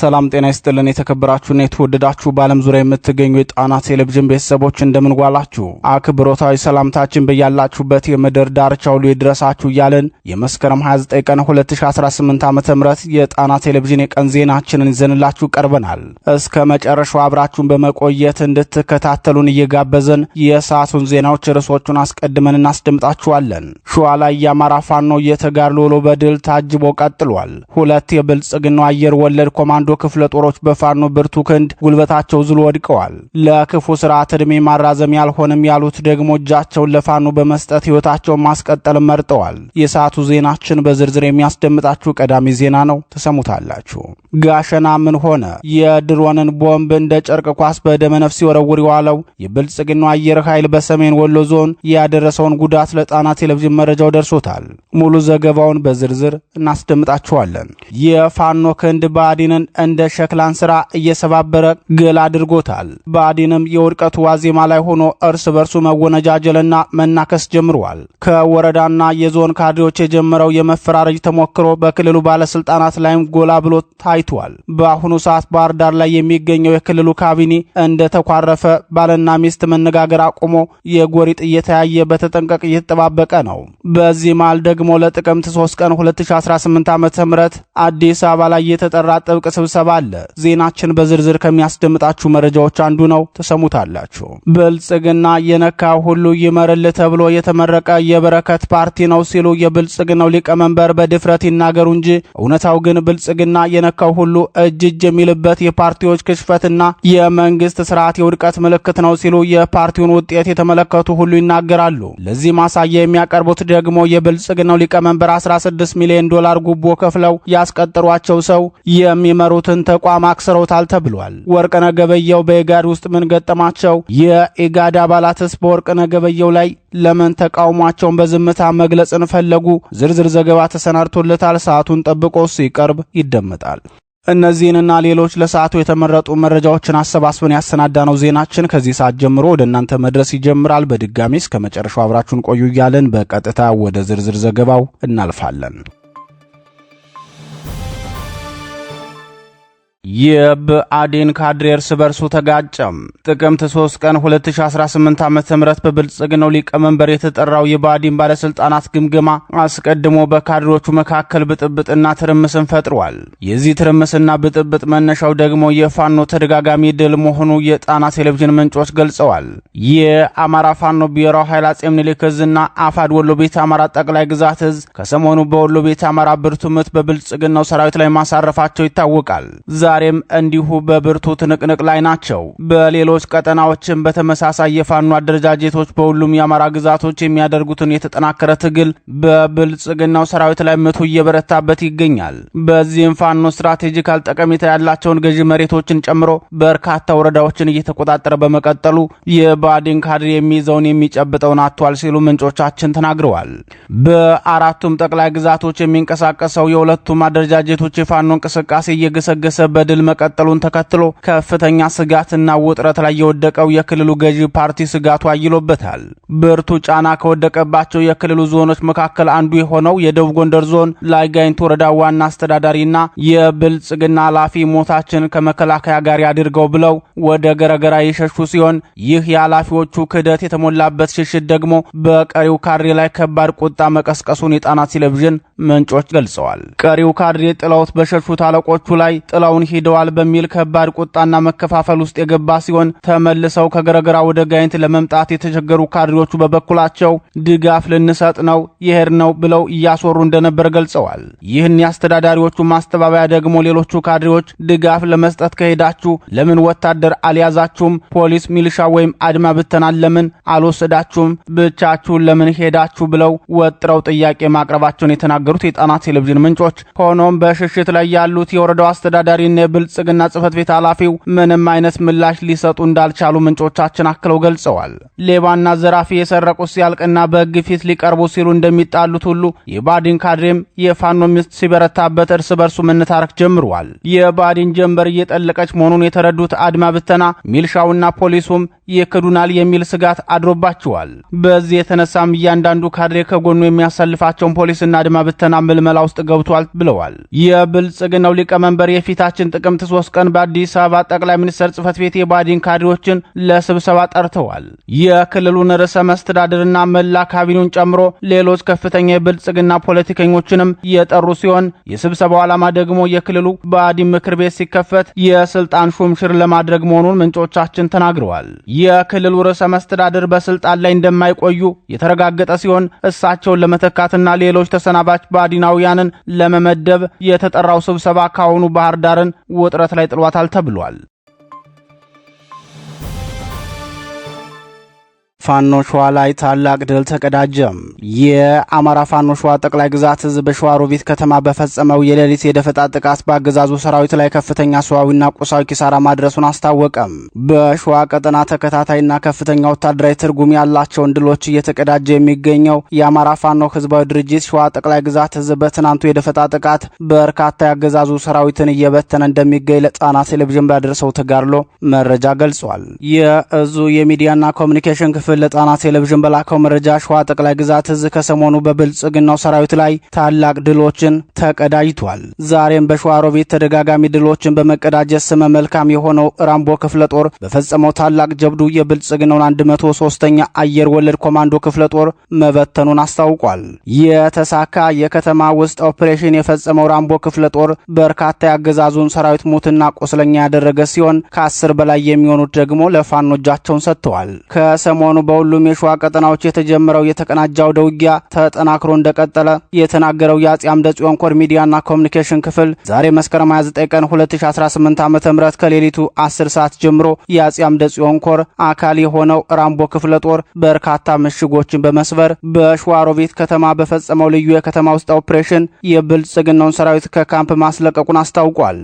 ሰላም ጤና ይስጥልን። የተከበራችሁና የተወደዳችሁ በዓለም ዙሪያ የምትገኙ የጣና ቴሌቪዥን ቤተሰቦች እንደምንጓላችሁ አክብሮታዊ ሰላምታችን በያላችሁበት የምድር ዳርቻ ሁሉ ይድረሳችሁ እያለን የመስከረም 29 ቀን 2018 ዓ ም የጣና ቴሌቪዥን የቀን ዜናችንን ይዘንላችሁ ቀርበናል። እስከ መጨረሻው አብራችሁን በመቆየት እንድትከታተሉን እየጋበዝን የሰዓቱን ዜናዎች ርዕሶቹን አስቀድመን እናስደምጣችኋለን። ሸዋ ላይ የአማራ ፋኖ የተጋድሎ ውሎ በድል ታጅቦ ቀጥሏል። ሁለት የብልጽግናው አየር ወለድ ኮማንዶ ክፍለ ጦሮች በፋኖ ብርቱ ክንድ ጉልበታቸው ዝሎ ወድቀዋል። ለክፉ ስርዓት ዕድሜ ማራዘም ያልሆንም ያሉት ደግሞ እጃቸውን ለፋኖ በመስጠት ህይወታቸውን ማስቀጠል መርጠዋል። የሰዓቱ ዜናችን በዝርዝር የሚያስደምጣችሁ ቀዳሚ ዜና ነው፣ ተሰሙታላችሁ። ጋሸና ምን ሆነ? የድሮንን ቦምብ እንደ ጨርቅ ኳስ በደመነፍስ ሲወረውር የዋለው የብልጽግናው አየር ኃይል በሰሜን ወሎ ዞን ያደረሰውን ጉዳት ለጣና ቴሌቪዥን መረጃው ደርሶታል። ሙሉ ዘገባውን በዝርዝር እናስደምጣችኋለን። የፋኖ ክንድ ባዲንን እንደ ሸክላን ስራ እየሰባበረ ግል አድርጎታል። ብአዴንም የውድቀቱ ዋዜማ ላይ ሆኖ እርስ በርሱ መወነጃጀልና መናከስ ጀምሯል። ከወረዳና የዞን ካድሬዎች የጀመረው የመፈራረጅ ተሞክሮ በክልሉ ባለስልጣናት ላይም ጎላ ብሎ ታይቷል። በአሁኑ ሰዓት ባህር ዳር ላይ የሚገኘው የክልሉ ካቢኔ እንደ ተኳረፈ ባልና ሚስት መነጋገር አቁሞ የጎሪጥ እየተያየ በተጠንቀቅ እየተጠባበቀ ነው። በዚህ መሃል ደግሞ ለጥቅምት 3 ቀን 2018 ም አዲስ አበባ ላይ የተጠራ ጥብቅ ስብሰባ አለ። ዜናችን በዝርዝር ከሚያስደምጣችሁ መረጃዎች አንዱ ነው፣ ተሰሙታላችሁ። ብልጽግና የነካ ሁሉ ይመርል ተብሎ የተመረቀ የበረከት ፓርቲ ነው ሲሉ የብልጽግናው ሊቀመንበር በድፍረት ይናገሩ እንጂ እውነታው ግን ብልጽግና የነካው ሁሉ እጅ እጅ የሚልበት የፓርቲዎች ክሽፈትና የመንግስት ስርዓት የውድቀት ምልክት ነው ሲሉ የፓርቲውን ውጤት የተመለከቱ ሁሉ ይናገራሉ። ለዚህ ማሳያ የሚያቀርቡት ደግሞ የብልጽግናው ሊቀመንበር 16 ሚሊዮን ዶላር ጉቦ ከፍለው ያስቀጠሯቸው ሰው የሚመሩ የነበሩትን ተቋም አክስረውታል ተብሏል። ወርቅነህ ገበየሁ በኢጋድ ውስጥ ምን ገጠማቸው? የኢጋድ አባላትስ በወርቅነህ ገበየሁ ላይ ለምን ተቃውሟቸውን በዝምታ መግለጽን ፈለጉ? ዝርዝር ዘገባ ተሰናድቶለታል። ሰዓቱን ጠብቆ ሲቀርብ ይደመጣል። እነዚህንና ሌሎች ለሰዓቱ የተመረጡ መረጃዎችን አሰባስበን ያሰናዳነው ዜናችን ከዚህ ሰዓት ጀምሮ ወደ እናንተ መድረስ ይጀምራል። በድጋሚ እስከ መጨረሻው አብራችሁን ቆዩ እያለን በቀጥታ ወደ ዝርዝር ዘገባው እናልፋለን። የብአዴን ካድሬ እርስ በርሱ ተጋጨም። ጥቅምት 3 ቀን 2018 ዓ ም በብልጽግናው ሊቀመንበር የተጠራው የብአዴን ባለስልጣናት ግምገማ አስቀድሞ በካድሬዎቹ መካከል ብጥብጥና ትርምስን ፈጥሯል። የዚህ ትርምስና ብጥብጥ መነሻው ደግሞ የፋኖ ተደጋጋሚ ድል መሆኑ የጣና ቴሌቪዥን ምንጮች ገልጸዋል። የአማራ ፋኖ ብሔራዊ ኃይል አጼ ምኒልክ እዝና አፋድ ወሎ ቤት አማራ ጠቅላይ ግዛት እዝ ከሰሞኑ በወሎ ቤት አማራ ብርቱ ምት በብልጽግናው ሰራዊት ላይ ማሳረፋቸው ይታወቃል። ዛሬም እንዲሁ በብርቱ ትንቅንቅ ላይ ናቸው። በሌሎች ቀጠናዎችም በተመሳሳይ የፋኖ አደረጃጀቶች በሁሉም የአማራ ግዛቶች የሚያደርጉትን የተጠናከረ ትግል በብልጽግናው ሰራዊት ላይ መቶ እየበረታበት ይገኛል። በዚህም ፋኖ ስትራቴጂካል ጠቀሜታ ያላቸውን ገዢ መሬቶችን ጨምሮ በርካታ ወረዳዎችን እየተቆጣጠረ በመቀጠሉ የባዲን ካድሬ የሚይዘውን የሚጨብጠውን አጥቷል ሲሉ ምንጮቻችን ተናግረዋል። በአራቱም ጠቅላይ ግዛቶች የሚንቀሳቀሰው የሁለቱም አደረጃጀቶች የፋኖ እንቅስቃሴ እየገሰገሰ በድል መቀጠሉን ተከትሎ ከፍተኛ ስጋትና ውጥረት ላይ የወደቀው የክልሉ ገዢ ፓርቲ ስጋቱ አይሎበታል። ብርቱ ጫና ከወደቀባቸው የክልሉ ዞኖች መካከል አንዱ የሆነው የደቡብ ጎንደር ዞን ላይጋይንት ወረዳ ዋና አስተዳዳሪና የብልጽግና ኃላፊ ሞታችን ከመከላከያ ጋር ያድርገው ብለው ወደ ገረገራ የሸሹ ሲሆን ይህ የኃላፊዎቹ ክህደት የተሞላበት ሽሽት ደግሞ በቀሪው ካድሬ ላይ ከባድ ቁጣ መቀስቀሱን የጣና ቴሌቪዥን ምንጮች ገልጸዋል። ቀሪው ካድሬ ጥለውት በሸሹት አለቆቹ ላይ ጥላውን ሂደዋል በሚል ከባድ ቁጣና መከፋፈል ውስጥ የገባ ሲሆን ተመልሰው ከገረገራ ወደ ጋይንት ለመምጣት የተቸገሩ ካድሬዎቹ በበኩላቸው ድጋፍ ልንሰጥ ነው ይሄድ ነው ብለው እያስወሩ እንደነበር ገልጸዋል። ይህን የአስተዳዳሪዎቹ ማስተባበያ ደግሞ ሌሎቹ ካድሬዎች ድጋፍ ለመስጠት ከሄዳችሁ ለምን ወታደር አልያዛችሁም? ፖሊስ፣ ሚሊሻ ወይም አድማ ብተናል ለምን አልወሰዳችሁም? ብቻችሁን ለምን ሄዳችሁ ብለው ወጥረው ጥያቄ ማቅረባቸውን የተናገሩት የጣና ቴሌቪዥን ምንጮች፣ ሆኖም በሽሽት ላይ ያሉት የወረዳው አስተዳዳሪና የብልጽግና ጽህፈት ቤት ኃላፊው ምንም አይነት ምላሽ ሊሰጡ እንዳልቻሉ ምንጮቻችን አክለው ገልጸዋል። ሌባና ዘራፊ የሰረቁት ሲያልቅና በህግ ፊት ሊቀርቡ ሲሉ እንደሚጣሉት ሁሉ የባዲን ካድሬም የፋኖ ሚስት ሲበረታበት እርስ በርሱ መነታረክ ጀምሯል። የባዲን ጀንበር እየጠለቀች መሆኑን የተረዱት አድማ ብተና ሚልሻውና ፖሊሱም ይክዱናል የሚል ስጋት አድሮባቸዋል። በዚህ የተነሳም እያንዳንዱ ካድሬ ከጎኑ የሚያሳልፋቸውን ፖሊስና አድማ ብተና ምልመላ ውስጥ ገብቷል ብለዋል። የብልጽግናው ሊቀመንበር የፊታችን ጥቅምት ሶስት ቀን በአዲስ አበባ ጠቅላይ ሚኒስትር ጽህፈት ቤት የባዲን ካድሬዎችን ለስብሰባ ጠርተዋል። የክልሉን ርዕሰ መስተዳድርና መላ ካቢኔውን ጨምሮ ሌሎች ከፍተኛ የብልጽግና ፖለቲከኞችንም የጠሩ ሲሆን የስብሰባው ዓላማ ደግሞ የክልሉ ባዲን ምክር ቤት ሲከፈት የስልጣን ሹምሽር ለማድረግ መሆኑን ምንጮቻችን ተናግረዋል። የክልሉ ርዕሰ መስተዳድር በስልጣን ላይ እንደማይቆዩ የተረጋገጠ ሲሆን እሳቸውን ለመተካትና ሌሎች ተሰናባች ባዲናውያንን ለመመደብ የተጠራው ስብሰባ ካሁኑ ባህር ዳርን ውጥረት ላይ ጥሏታል ተብሏል። ፋኖ ሸዋ ላይ ታላቅ ድል ተቀዳጀ። የአማራ ፋኖ ሸዋ ጠቅላይ ግዛት ህዝብ በሸዋ ከተማ በፈጸመው የሌሊት የደፈጣ ጥቃት በአገዛዙ ሰራዊት ላይ ከፍተኛ ሰዋዊና ቁሳዊ ኪሳራ ማድረሱን አስታወቀም። በሸዋ ቀጠና ተከታታይና ከፍተኛ ወታደራዊ ትርጉም ያላቸውን ድሎች እየተቀዳጀ የሚገኘው የአማራ ፋኖ ህዝባዊ ድርጅት ሸዋ ጠቅላይ ግዛት ህዝብ በትናንቱ የደፈጣ ጥቃት በርካታ የአገዛዙ ሰራዊትን እየበተነ እንደሚገኝ ለጣና ቴሌቪዥን ባደረሰው ተጋድሎ መረጃ ገልጿል። የእዙ የሚዲያና ኮሚኒኬሽን ክፍል ክፍል ለጣና ቴሌቪዥን በላከው መረጃ ሸዋ ጠቅላይ ግዛት እዝ ከሰሞኑ በብልጽግናው ሰራዊት ላይ ታላቅ ድሎችን ተቀዳጅቷል። ዛሬም በሸዋ ሮቢት ተደጋጋሚ ድሎችን በመቀዳጀት ስመ መልካም የሆነው ራምቦ ክፍለ ጦር በፈጸመው ታላቅ ጀብዱ የብልጽግናውን 103ኛ አየር ወለድ ኮማንዶ ክፍለ ጦር መበተኑን አስታውቋል። የተሳካ የከተማ ውስጥ ኦፕሬሽን የፈጸመው ራምቦ ክፍለ ጦር በርካታ ያገዛዙን ሰራዊት ሙትና ቆስለኛ ያደረገ ሲሆን ከአስር በላይ የሚሆኑት ደግሞ ለፋኖ እጃቸውን ሰጥተዋል። ከሰሞኑ በሁሉም የሸዋ ቀጠናዎች የተጀመረው የተቀናጀ አውደ ውጊያ ተጠናክሮ እንደቀጠለ የተናገረው የአጼ አምደ ጽዮን ኮር ሚዲያና ኮሚኒኬሽን ክፍል ዛሬ መስከረም 29 ቀን 2018 ዓ ም ከሌሊቱ 10 ሰዓት ጀምሮ የአጼ አምደ ጽዮን ኮር አካል የሆነው ራምቦ ክፍለ ጦር በርካታ ምሽጎችን በመስበር በሸዋሮቢት ከተማ በፈጸመው ልዩ የከተማ ውስጥ ኦፕሬሽን የብልጽግናውን ሰራዊት ከካምፕ ማስለቀቁን አስታውቋል።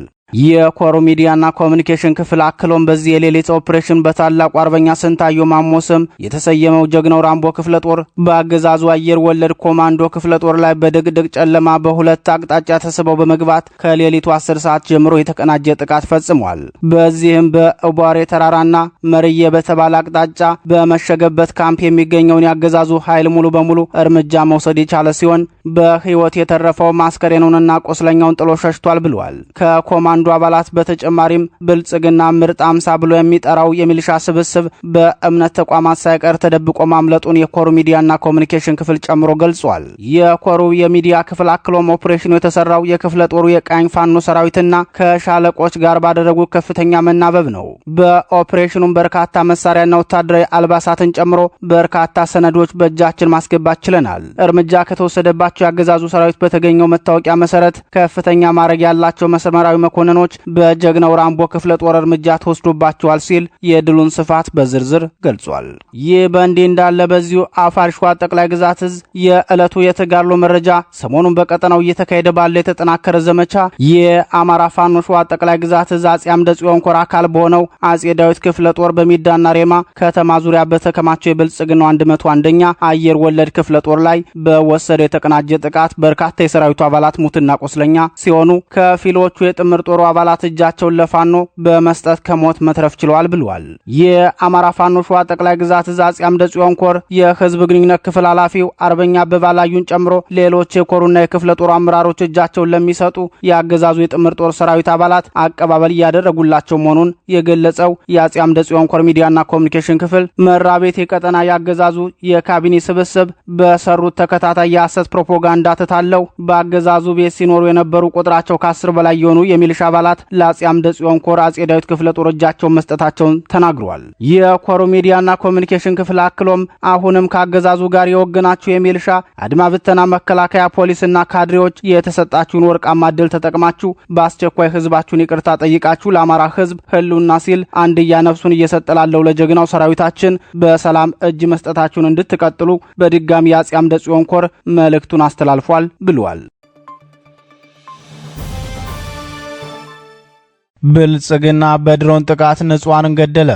የኮሩ ሚዲያና ኮሚኒኬሽን ክፍል አክሎም በዚህ የሌሊት ኦፕሬሽን በታላቁ አርበኛ ስንታዮ ማሞ ስም የተሰየመው ጀግናው ራምቦ ክፍለ ጦር በአገዛዙ አየር ወለድ ኮማንዶ ክፍለ ጦር ላይ በድቅድቅ ጨለማ በሁለት አቅጣጫ ተስበው በመግባት ከሌሊቱ አስር ሰዓት ጀምሮ የተቀናጀ ጥቃት ፈጽሟል። በዚህም በእቧሬ ተራራና መርዬ በተባለ አቅጣጫ በመሸገበት ካምፕ የሚገኘውን ያገዛዙ ኃይል ሙሉ በሙሉ እርምጃ መውሰድ የቻለ ሲሆን በህይወት የተረፈው ማስከሬኑንና ቆስለኛውን ጥሎ ሸሽቷል ብሏል። ከኮማ አንዱ አባላት በተጨማሪም ብልጽግና ምርጥ አምሳ ብሎ የሚጠራው የሚሊሻ ስብስብ በእምነት ተቋማት ሳይቀር ተደብቆ ማምለጡን የኮሩ ሚዲያና ኮሚኒኬሽን ክፍል ጨምሮ ገልጿል። የኮሩ የሚዲያ ክፍል አክሎም ኦፕሬሽኑ የተሰራው የክፍለ ጦሩ የቃኝ ፋኖ ሰራዊትና ከሻለቆች ጋር ባደረጉ ከፍተኛ መናበብ ነው። በኦፕሬሽኑም በርካታ መሳሪያና ወታደራዊ አልባሳትን ጨምሮ በርካታ ሰነዶች በእጃችን ማስገባት ችለናል። እርምጃ ከተወሰደባቸው የአገዛዙ ሰራዊት በተገኘው መታወቂያ መሰረት ከፍተኛ ማዕረግ ያላቸው መስመራዊ መኮንን መኮንኖች በጀግናው ራምቦ ክፍለ ጦር እርምጃ ተወስዶባቸዋል ሲል የድሉን ስፋት በዝርዝር ገልጿል። ይህ በእንዲህ እንዳለ በዚሁ አፋር ሸዋ ጠቅላይ ግዛት እዝ የዕለቱ የተጋድሎ መረጃ ሰሞኑን በቀጠናው እየተካሄደ ባለ የተጠናከረ ዘመቻ የአማራ ፋኖ ሸዋ ጠቅላይ ግዛት እዝ አጼ አምደ ጽዮን ኮር አካል በሆነው አጼ ዳዊት ክፍለ ጦር በሚዳና ሬማ ከተማ ዙሪያ በተከማቸው የብልጽግናው መቶ አንደኛ አየር ወለድ ክፍለ ጦር ላይ በወሰደ የተቀናጀ ጥቃት በርካታ የሰራዊቱ አባላት ሙትና ቆስለኛ ሲሆኑ ከፊሎቹ የጥምር ጦር የጦሩ አባላት እጃቸውን ለፋኖ በመስጠት ከሞት መትረፍ ችለዋል ብለዋል። የአማራ ፋኖ ሸዋ ጠቅላይ ግዛት እዝ አፄ አምደ ጽዮን ኮር የህዝብ ግንኙነት ክፍል ኃላፊው አርበኛ በባላዩን ጨምሮ ሌሎች የኮሩና የክፍለ ጦሩ አመራሮች እጃቸውን ለሚሰጡ የአገዛዙ የጥምር ጦር ሰራዊት አባላት አቀባበል እያደረጉላቸው መሆኑን የገለጸው የአፄ አምደ ጽዮን ኮር ሚዲያና ኮሚኒኬሽን ክፍል ቤት የቀጠና የአገዛዙ የካቢኔ ስብስብ በሰሩት ተከታታይ የሐሰት ፕሮፓጋንዳ ትታለው በአገዛዙ ቤት ሲኖሩ የነበሩ ቁጥራቸው ከአስር በላይ የሆኑ የሚልሻ አባላት ለአጼ አምደ ጽዮን ኮር አጼ ዳዊት ክፍለ ጦር እጃቸውን መስጠታቸውን ተናግረዋል። የኮሩ ሚዲያና ኮሚኒኬሽን ክፍል አክሎም አሁንም ከአገዛዙ ጋር የወገናችሁ የሚልሻ አድማ ብተና፣ መከላከያ፣ ፖሊስና ካድሬዎች የተሰጣችሁን ወርቃማ እድል ተጠቅማችሁ በአስቸኳይ ህዝባችሁን ይቅርታ ጠይቃችሁ ለአማራ ህዝብ ህልውና ሲል አንድያ ነፍሱን እየሰጠላለው ለጀግናው ሰራዊታችን በሰላም እጅ መስጠታችሁን እንድትቀጥሉ በድጋሚ የአጼ አምደ ጽዮን ኮር መልእክቱን አስተላልፏል ብሏል። ብልጽግና በድሮን ጥቃት ንጹሐንን ገደለ።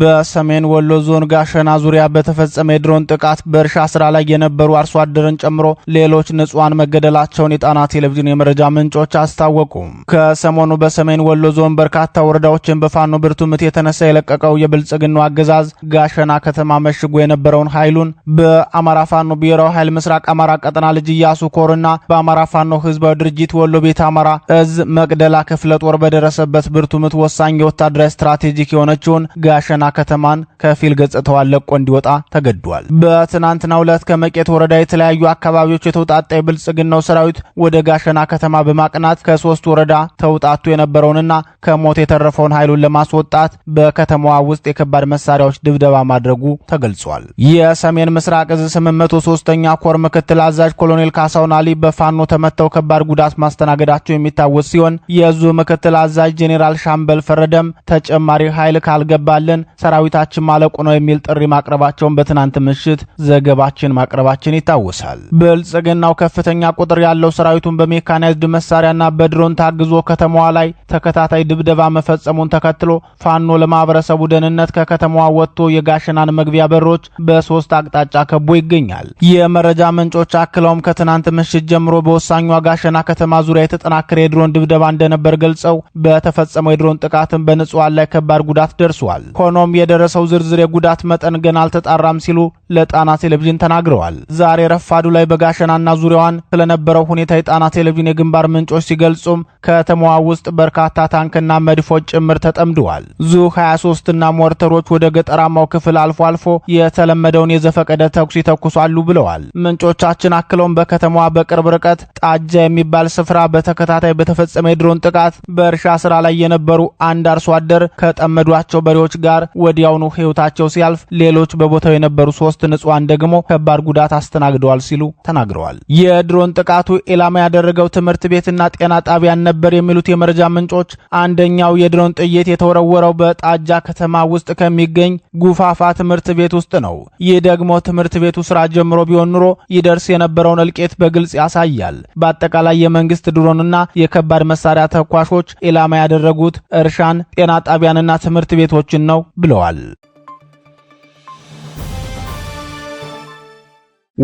በሰሜን ወሎ ዞን ጋሸና ዙሪያ በተፈጸመ የድሮን ጥቃት በእርሻ ስራ ላይ የነበሩ አርሶ አደርን ጨምሮ ሌሎች ንጹሐን መገደላቸውን የጣና ቴሌቪዥን የመረጃ ምንጮች አስታወቁ። ከሰሞኑ በሰሜን ወሎ ዞን በርካታ ወረዳዎችን በፋኖ ብርቱ ምት የተነሳ የለቀቀው የብልጽግናው አገዛዝ ጋሸና ከተማ መሽጎ የነበረውን ኃይሉን በአማራ ፋኖ ብሔራዊ ኃይል ምስራቅ አማራ ቀጠና ልጅ እያሱ ኮርና በአማራ ፋኖ ህዝባዊ ድርጅት ወሎ ቤት አማራ እዝ መቅደላ ክፍለ ጦር በደረሰበት ብርቱ ምት ወሳኝ የወታደራዊ ስትራቴጂክ የሆነችውን ጋሸና ከተማን ከፊል ገጽታዋን ለቆ እንዲወጣ ተገዷል። በትናንትናው ዕለት ከመቄት ወረዳ የተለያዩ አካባቢዎች የተውጣጣ የብልጽግናው ሰራዊት ወደ ጋሸና ከተማ በማቅናት ከሶስት ወረዳ ተውጣቱ የነበረውንና ከሞት የተረፈውን ኃይሉን ለማስወጣት በከተማዋ ውስጥ የከባድ መሳሪያዎች ድብደባ ማድረጉ ተገልጿል። የሰሜን ምስራቅ እዝ 803ኛ ኮር ምክትል አዛዥ ኮሎኔል ካሳሁን አሊ በፋኖ ተመተው ከባድ ጉዳት ማስተናገዳቸው የሚታወስ ሲሆን የእዙ ምክትል አዛዥ ጄኔራል ጄኔራል ሻምበል ፈረደም ተጨማሪ ኃይል ካልገባልን ሰራዊታችን ማለቁ ነው የሚል ጥሪ ማቅረባቸውን በትናንት ምሽት ዘገባችን ማቅረባችን ይታወሳል። ብልጽግናው ከፍተኛ ቁጥር ያለው ሰራዊቱን በሜካናይዝድ መሳሪያና በድሮን ታግዞ ከተማዋ ላይ ተከታታይ ድብደባ መፈጸሙን ተከትሎ ፋኖ ለማህበረሰቡ ደህንነት ከከተማዋ ወጥቶ የጋሸናን መግቢያ በሮች በሶስት አቅጣጫ ከቦ ይገኛል። የመረጃ ምንጮች አክለውም ከትናንት ምሽት ጀምሮ በወሳኟ ጋሸና ከተማ ዙሪያ የተጠናከረ የድሮን ድብደባ እንደነበር ገልጸው በተፈ የተፈጸመው የድሮን ጥቃትም በንጹሐን ላይ ከባድ ጉዳት ደርሷል። ሆኖም የደረሰው ዝርዝር የጉዳት መጠን ገና አልተጣራም ሲሉ ለጣና ቴሌቪዥን ተናግረዋል። ዛሬ ረፋዱ ላይ በጋሸናና ዙሪያዋን ስለነበረው ሁኔታ የጣና ቴሌቪዥን የግንባር ምንጮች ሲገልጹም ከተማዋ ውስጥ በርካታ ታንክና መድፎች ጭምር ተጠምደዋል። ዙ 23ና ሞርተሮች ወደ ገጠራማው ክፍል አልፎ አልፎ የተለመደውን የዘፈቀደ ተኩስ ይተኩሳሉ ብለዋል። ምንጮቻችን አክለውም በከተማዋ በቅርብ ርቀት ጣጃ የሚባል ስፍራ በተከታታይ በተፈጸመ የድሮን ጥቃት በእርሻ ስራ ላይ የነበሩ አንድ አርሶ አደር ከጠመዷቸው በሬዎች ጋር ወዲያውኑ ሕይወታቸው ሲያልፍ፣ ሌሎች በቦታው የነበሩ ሶስት ንጹሐን ደግሞ ከባድ ጉዳት አስተናግደዋል ሲሉ ተናግረዋል። የድሮን ጥቃቱ ኢላማ ያደረገው ትምህርት ቤትና ጤና ጣቢያን ነበር የሚሉት የመረጃ ምንጮች አንደኛው የድሮን ጥይት የተወረወረው በጣጃ ከተማ ውስጥ ከሚገኝ ጉፋፋ ትምህርት ቤት ውስጥ ነው። ይህ ደግሞ ትምህርት ቤቱ ስራ ጀምሮ ቢሆን ኑሮ ይደርስ የነበረውን እልቄት በግልጽ ያሳያል። በአጠቃላይ የመንግስት ድሮንና የከባድ መሳሪያ ተኳሾች ኢላማ ያደረገው ያደረጉት እርሻን፣ ጤና ጣቢያንና ትምህርት ቤቶችን ነው ብለዋል።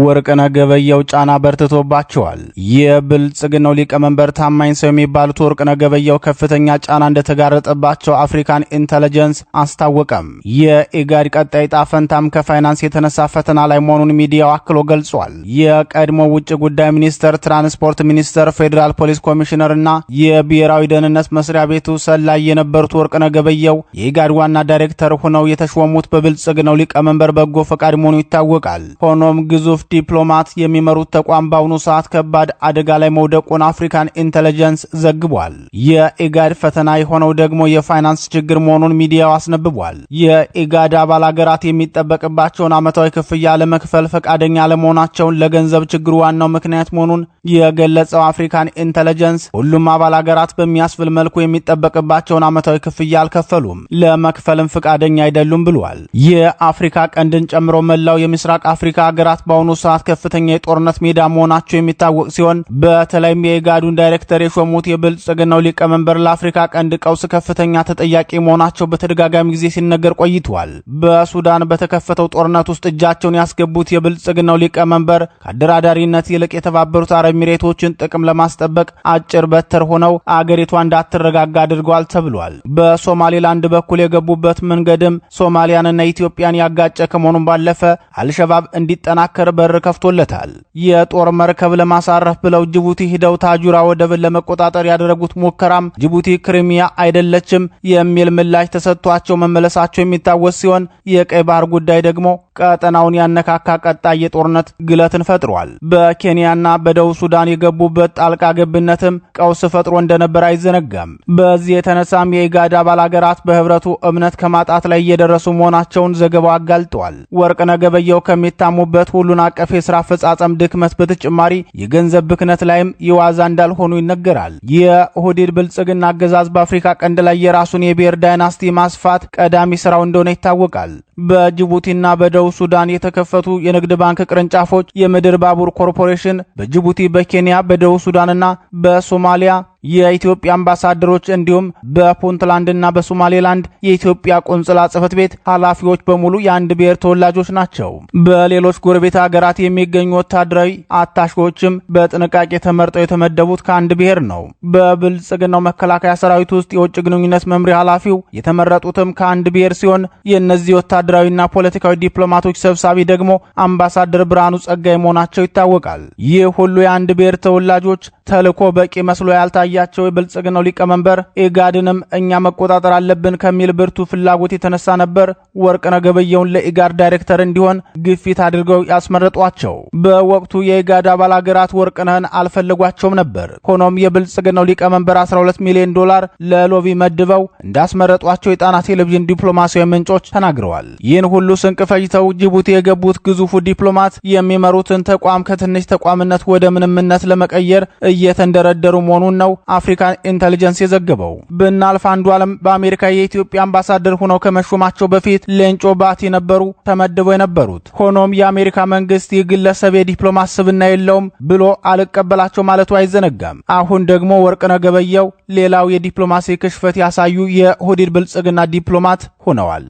ወርቅነህ ገበየሁ ጫና በርትቶባቸዋል። የብልጽግናው ሊቀመንበር ታማኝ ሰው የሚባሉት ወርቅነህ ገበየሁ ከፍተኛ ጫና እንደተጋረጠባቸው አፍሪካን ኢንተለጀንስ አስታወቀም። የኢጋድ ቀጣይ ጣፈንታም ከፋይናንስ የተነሳ ፈተና ላይ መሆኑን ሚዲያው አክሎ ገልጿል። የቀድሞ ውጭ ጉዳይ ሚኒስተር፣ ትራንስፖርት ሚኒስተር፣ ፌዴራል ፖሊስ ኮሚሽነር እና የብሔራዊ ደህንነት መስሪያ ቤቱ ሰላይ የነበሩት ወርቅነህ ገበየሁ የኢጋድ ዋና ዳይሬክተር ሆነው የተሾሙት በብልጽግናው ሊቀመንበር በጎ ፈቃድ መሆኑ ይታወቃል። ሆኖም ግዙፍ ዲፕሎማት የሚመሩት ተቋም በአሁኑ ሰዓት ከባድ አደጋ ላይ መውደቁን አፍሪካን ኢንተለጀንስ ዘግቧል። የኢጋድ ፈተና የሆነው ደግሞ የፋይናንስ ችግር መሆኑን ሚዲያው አስነብቧል። የኢጋድ አባል አገራት የሚጠበቅባቸውን ዓመታዊ ክፍያ ለመክፈል ፈቃደኛ አለመሆናቸውን ለገንዘብ ችግሩ ዋናው ምክንያት መሆኑን የገለጸው አፍሪካን ኢንተለጀንስ ሁሉም አባል አገራት በሚያስብል መልኩ የሚጠበቅባቸውን ዓመታዊ ክፍያ አልከፈሉም፣ ለመክፈልም ፈቃደኛ አይደሉም ብሏል። የአፍሪካ ቀንድን ጨምሮ መላው የምስራቅ አፍሪካ አገራት በአሁኑ ሰዓት ከፍተኛ የጦርነት ሜዳ መሆናቸው የሚታወቅ ሲሆን በተለይም የኢጋዱን ዳይሬክተር የሾሙት የብልጽግናው ሊቀመንበር ለአፍሪካ ቀንድ ቀውስ ከፍተኛ ተጠያቂ መሆናቸው በተደጋጋሚ ጊዜ ሲነገር ቆይተዋል። በሱዳን በተከፈተው ጦርነት ውስጥ እጃቸውን ያስገቡት የብልጽግናው ሊቀመንበር ከአደራዳሪነት ይልቅ የተባበሩት አረብ ኤሚሬቶችን ጥቅም ለማስጠበቅ አጭር በትር ሆነው አገሪቷ እንዳትረጋጋ አድርገዋል ተብሏል። በሶማሌላንድ በኩል የገቡበት መንገድም ሶማሊያንና ኢትዮጵያን ያጋጨ ከመሆኑም ባለፈ አልሸባብ እንዲጠናከር በ በር ከፍቶለታል። የጦር መርከብ ለማሳረፍ ብለው ጅቡቲ ሂደው ታጁራ ወደብን ለመቆጣጠር ያደረጉት ሙከራም ጅቡቲ ክሪሚያ አይደለችም የሚል ምላሽ ተሰጥቷቸው መመለሳቸው የሚታወስ ሲሆን የቀይ ባህር ጉዳይ ደግሞ ቀጠናውን ያነካካ ቀጣይ የጦርነት ግለትን ፈጥሯል። በኬንያና በደቡብ ሱዳን የገቡበት ጣልቃ ገብነትም ቀውስ ፈጥሮ እንደነበር አይዘነጋም። በዚህ የተነሳም የኢጋድ አባል አገራት በህብረቱ እምነት ከማጣት ላይ እየደረሱ መሆናቸውን ዘገባው አጋልጧል። ወርቅነህ ገበየሁ ከሚታሙበት ሁሉን አቀፍ የስራ አፈጻጸም ድክመት በተጨማሪ የገንዘብ ብክነት ላይም የዋዛ እንዳልሆኑ ይነገራል። የኦህዴድ ብልጽግና አገዛዝ በአፍሪካ ቀንድ ላይ የራሱን የብሔር ዳይናስቲ ማስፋት ቀዳሚ ስራው እንደሆነ ይታወቃል። በጅቡቲና በደቡብ ሱዳን የተከፈቱ የንግድ ባንክ ቅርንጫፎች፣ የምድር ባቡር ኮርፖሬሽን በጅቡቲ፣ በኬንያ፣ በደቡብ ሱዳንና በሶማሊያ የኢትዮጵያ አምባሳደሮች እንዲሁም በፑንትላንድና በሶማሌላንድ የኢትዮጵያ ቆንጽላ ጽህፈት ቤት ኃላፊዎች በሙሉ የአንድ ብሔር ተወላጆች ናቸው። በሌሎች ጎረቤት ሀገራት የሚገኙ ወታደራዊ አታሾችም በጥንቃቄ ተመርጠው የተመደቡት ከአንድ ብሔር ነው። በብልጽግናው መከላከያ ሰራዊት ውስጥ የውጭ ግንኙነት መምሪያ ኃላፊው የተመረጡትም ከአንድ ብሔር ሲሆን የእነዚህ ወታደራዊና ፖለቲካዊ ዲፕሎማቶች ሰብሳቢ ደግሞ አምባሳደር ብርሃኑ ጸጋይ መሆናቸው ይታወቃል። ይህ ሁሉ የአንድ ብሔር ተወላጆች ተልዕኮ በቂ መስሎ ያልታየ ያላሳያቸው የብልጽግናው ሊቀመንበር ኢጋድንም እኛ መቆጣጠር አለብን ከሚል ብርቱ ፍላጎት የተነሳ ነበር ወርቅነህ ገበየሁን ለኢጋድ ዳይሬክተር እንዲሆን ግፊት አድርገው ያስመረጧቸው። በወቅቱ የኢጋድ አባል አገራት ወርቅነህን አልፈለጓቸውም ነበር። ሆኖም የብልጽግናው ሊቀመንበር 12 ሚሊዮን ዶላር ለሎቪ መድበው እንዳስመረጧቸው የጣና ቴሌቪዥን ዲፕሎማሲያዊ ምንጮች ተናግረዋል። ይህን ሁሉ ስንቅ ፈጅተው ጅቡቲ የገቡት ግዙፉ ዲፕሎማት የሚመሩትን ተቋም ከትንሽ ተቋምነት ወደ ምንምነት ለመቀየር እየተንደረደሩ መሆኑን ነው አፍሪካ ኢንተሊጀንስ የዘገበው። ብናልፍ አንዱ ዓለም በአሜሪካ የኢትዮጵያ አምባሳደር ሆነው ከመሾማቸው በፊት ሌንጮ ባቲ ነበሩ ተመድበው የነበሩት። ሆኖም የአሜሪካ መንግስት የግለሰብ የዲፕሎማት ስብዕና የለውም ብሎ አልቀበላቸው ማለቱ አይዘነጋም። አሁን ደግሞ ወርቅነህ ገበየሁ ሌላው የዲፕሎማሲ ክሽፈት ያሳዩ የኦህዴድ ብልጽግና ዲፕሎማት ሆነዋል።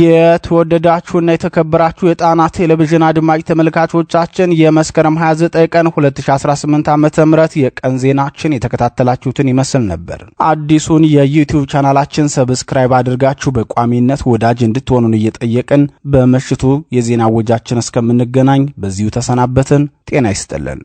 የተወደዳችሁና የተከበራችሁ የጣና ቴሌቪዥን አድማጭ ተመልካቾቻችን የመስከረም 29 ቀን 2018 ዓ.ም የቀን ዜናችን የተከታተላችሁትን ይመስል ነበር። አዲሱን የዩቲዩብ ቻናላችን ሰብስክራይብ አድርጋችሁ በቋሚነት ወዳጅ እንድትሆኑን እየጠየቅን በምሽቱ የዜና ወጃችን እስከምንገናኝ በዚሁ ተሰናበትን። ጤና ይስጥልን።